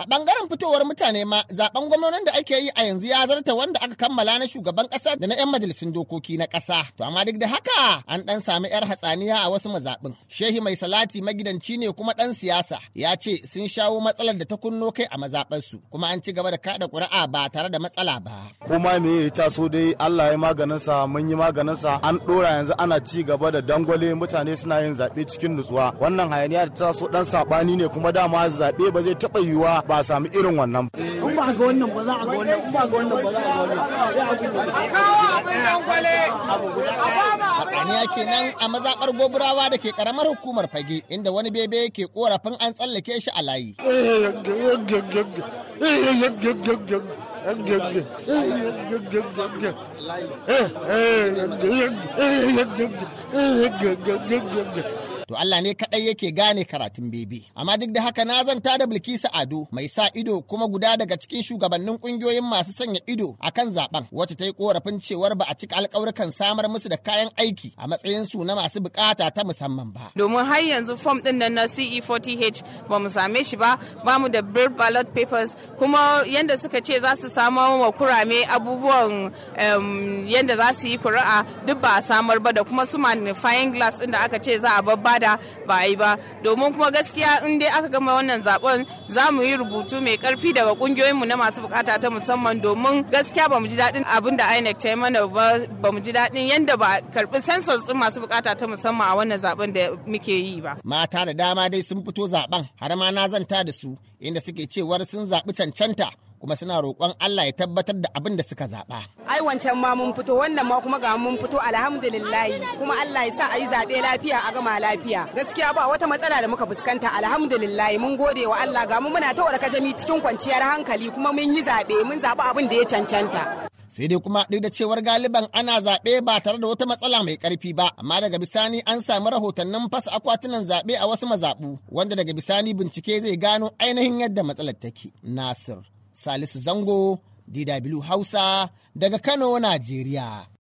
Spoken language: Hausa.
A bangaren fitowar mutane ma zaben gwamnonin da ake yi a yanzu ya zarta wanda aka kammala na shugaban kasa da na 'yan majalisun dokoki na kasa To amma duk da haka an ɗan sami 'yar hatsaniya a wasu mazaɓin. Shehi mai salati magidanci ne kuma ɗan siyasa ya ce sun shawo matsalar da ta kunno kai a su kuma an ci gaba da kada ƙuri'a ba tare da matsala ba. Kuma me ya taso dai Allah ya sa mun yi sa. an dora yanzu ana ci gaba da dangwale mutane suna yin zaɓe cikin nutsuwa. Wannan hayaniya da ta taso dan saɓani ne kuma dama zaɓe ba zai taɓa yiwuwa ba a sami irin wannan ba. In ba ga wannan ba za a ga wannan, in ba ga wannan ba za a ga wannan. da kenan a mazaɓar goburawa da ke ƙaramar hukumar fage inda wani bebe ke korafin an tsallake shi a layi. to Allah ne kaɗai yake gane karatun bebe. Amma duk da haka na zanta da Bilkisu Ado mai sa ido kuma guda daga cikin shugabannin ƙungiyoyin masu sanya ido a kan zaben wacce ta yi korafin cewar ba a cika alƙawarkan samar musu da kayan aiki a matsayin su na masu bukata ta musamman ba. Domin har yanzu fom ɗin nan na CE40H ba mu same shi ba, ba mu da bird ballot papers kuma yanda suka ce za su samo wa kurame abubuwan yanda za su yi kuri'a duk ba a samar ba da kuma su magnifying glass ɗin da aka ce za a babba al'ada ba a yi ba domin kuma gaskiya in dai aka gama wannan zaben za mu yi rubutu mai karfi daga kungiyoyinmu na masu bukata ta musamman domin gaskiya ba mu ji daɗin abin da INEC ta yi mana ba ba mu ji daɗin yadda ba karɓi census din masu bukata ta musamman a wannan zaben da muke yi ba. Mata da dama dai sun fito zaben har ma na zanta da su inda suke cewar sun zaɓi cancanta kuma suna roƙon Allah ya tabbatar da abin da suka zaɓa. Ai wancan ma mun fito wannan ma kuma ga mun fito alhamdulillahi kuma Allah ya sa a yi zaɓe lafiya a gama lafiya. Gaskiya ba wata matsala da muka fuskanta alhamdulillahi mun gode wa Allah ga mu muna ta jami cikin kwanciyar hankali kuma mun yi zaɓe mun zaɓi abin da ya cancanta. sai dai kuma duk da cewar galiban ana zaɓe ba tare da wata matsala mai ƙarfi ba amma daga bisani an sami rahotannin fasa akwatunan zaɓe a wasu mazaɓu wanda daga bisani bincike zai gano ainihin yadda matsalar take nasir Salisu Zango, DW Hausa, daga Kano, Najeriya.